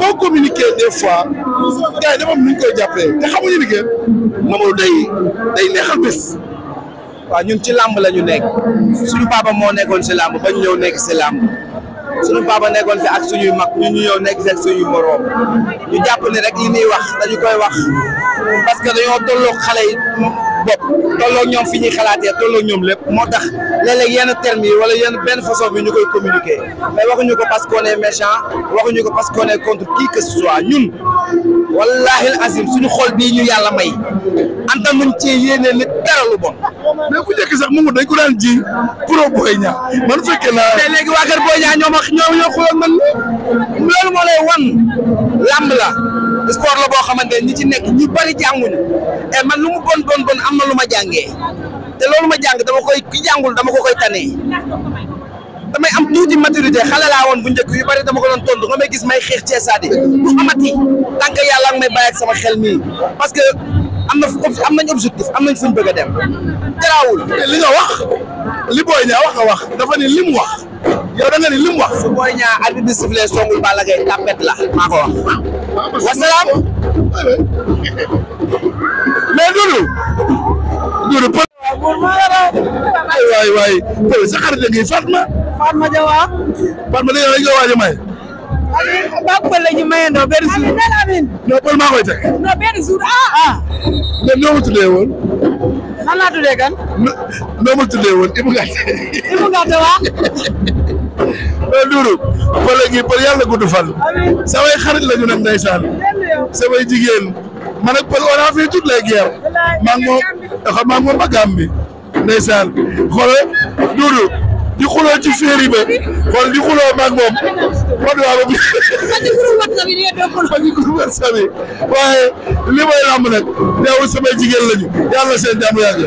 boo communiqué des fois gars yi dafa am nu ñu koy jàppee te xamuñu ni que Mamadou day day neexal bés. waaw ñun ci làmb la ñu nekk suñu papa moo nekkoon si làmb bañ ñu ñëw nekk si làmb suñu papa nekkoon si ak suñuy mag ñun ñu ñëw nekk seen suñuy moroom ñu jàpp ne rek yi ñuy wax dañu koy wax parce dañoo tolloo xale yi bopp tolloog ñoom fi ñuy xalaatee tolloog ñoom lépp moo tax léeg-léeg yenn termes yi wala yenn benn façon bi ñu koy communiquer mais wax ñu ko parce qu'on est wax waxuñu ko parce qu'on est contre qui que ce soit ñun wallaahi al azim suñu xol bii ñu yàlla may Anta mën cee yéene nit dara lu bon. mais ku njëkk sax moom dañ ko naan ji pro Boy Niang man fekke naa. mais léegi waa kër Boy Niang ñoom ak ñoom ñoo xuloo man loolu moo lay wan làmb la sport la boo xamante ñi ci nekk ñu bari jànguñu e man lu mu bon bon bon am na lu ma jàngee te loolu ma jàng dama koy ki jàngul dama ko koy tane. damay am tuuti maturité xale laa woon bu njëkk yu bari dama ko doon tontu nga may gis may xeex cee saadi bu amati tant que yàlla nga may bàyyi ak sama xel mii parce que am na am nañ objectif am nañ fuñ bëgg a dem garaawul li nga wax li booy a wax a wax dafa ni li mu wax yow da nga ni li mu wax su booy ñaa arbitre bi sifflé songul Balla Gaye tapet la maa ko wax wasalaam mais Doudou Doudou pël waay xarit da ngay Fatma Fatma Dia waaw. Fatma a may. amiin baax pël la ñu mayandoo benn jour. amiin amiin. Ah, ah. noo ma tuddee woon. nan laa tuddee kan. noo ma tuddee woon i Gate. Ibou Gate waaw. mais pël gi pël yàlla gudd fan. amiin samay xarit la ñu nag ndeysaan. jigéen. man pël on a fait toutes les guerres. maa ngi moom maa ngi moom ba di xuloo ci féeri ba kon di xuloo mag moom man waa ba. waaye li may làmb nag neewul samay jigéen lañu yàlla seen jàmm yàgg